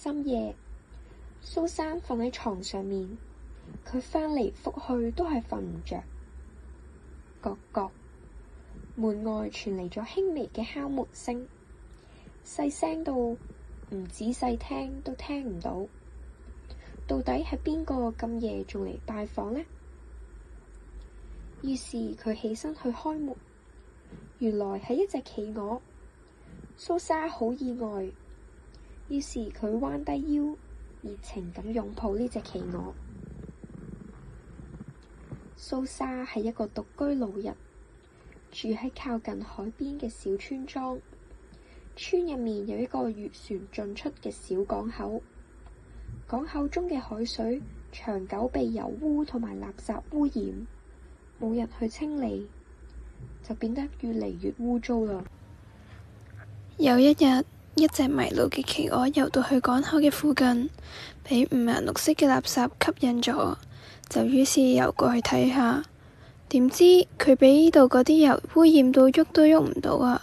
深夜，蘇珊瞓喺床上面，佢翻嚟覆去都係瞓唔着。咯咯，門外傳嚟咗輕微嘅敲門聲，細聲到唔仔細聽都聽唔到。到底係邊個咁夜仲嚟拜訪呢？於是佢起身去開門，原來係一隻企鵝。蘇珊好意外。於是佢彎低腰，熱情咁擁抱呢隻企鵝。蘇莎係一個獨居老人，住喺靠近海邊嘅小村莊。村入面有一個漁船進出嘅小港口，港口中嘅海水長久被油污同埋垃圾污染，冇人去清理，就變得越嚟越污糟啦。有一日，一隻迷路嘅企鵝游到去港口嘅附近，被五顏六色嘅垃圾吸引咗，就於是游過去睇下。點知佢畀呢度嗰啲油污染到動動，喐都喐唔到啊！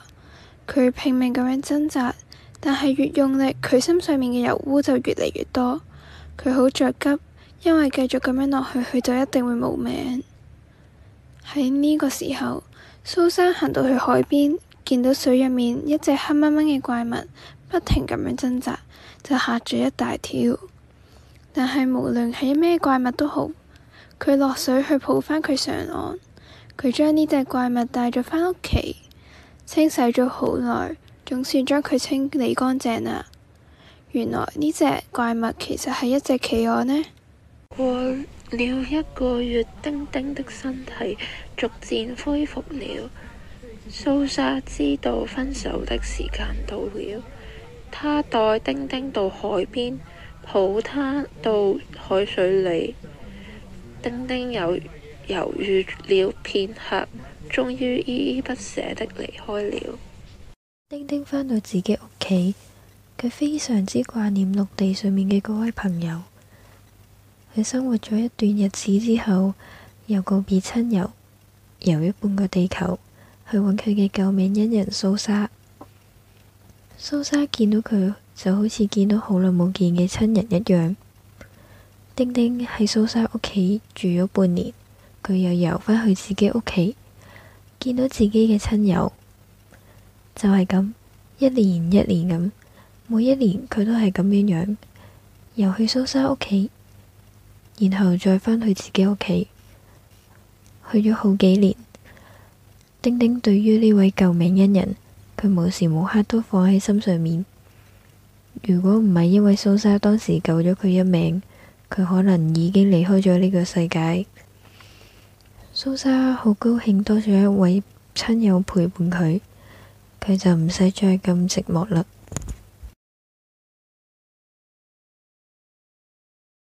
佢拼命咁樣掙扎，但係越用力，佢身上面嘅油污就越嚟越多。佢好着急，因為繼續咁樣落去，佢就一定會冇命。喺呢個時候，蘇珊行到去海邊。見到水入面一隻黑掹掹嘅怪物不停咁樣掙扎，就吓咗一大跳。但係無論係咩怪物都好，佢落水去抱翻佢上岸，佢將呢隻怪物帶咗返屋企，清洗咗好耐，總算將佢清理乾淨啦。原來呢隻怪物其實係一隻企鵝呢。過了一個月，丁丁的身體逐漸恢復了。蘇莎知道分手的時間到了，她帶丁丁到海邊，抱他到海水裏。丁丁猶猶豫了片刻，終於依依不捨的離開了。丁丁返到自己屋企，佢非常之掛念陸地上面嘅嗰位朋友。佢生活咗一段日子之後，又告別親友，游一半個地球。去揾佢嘅救命恩人蘇莎，蘇莎見到佢就好似見到好耐冇見嘅親人一樣。丁丁喺蘇莎屋企住咗半年，佢又游返去自己屋企，見到自己嘅親友，就係咁，一年一年咁，每一年佢都係咁樣樣，游去蘇莎屋企，然後再返去自己屋企，去咗好幾年。丁丁對於呢位救命恩人，佢無時無刻都放喺心上面。如果唔係因為蘇莎當時救咗佢一命，佢可能已經離開咗呢個世界。蘇莎好高興多咗一位親友陪伴佢，佢就唔使再咁寂寞啦。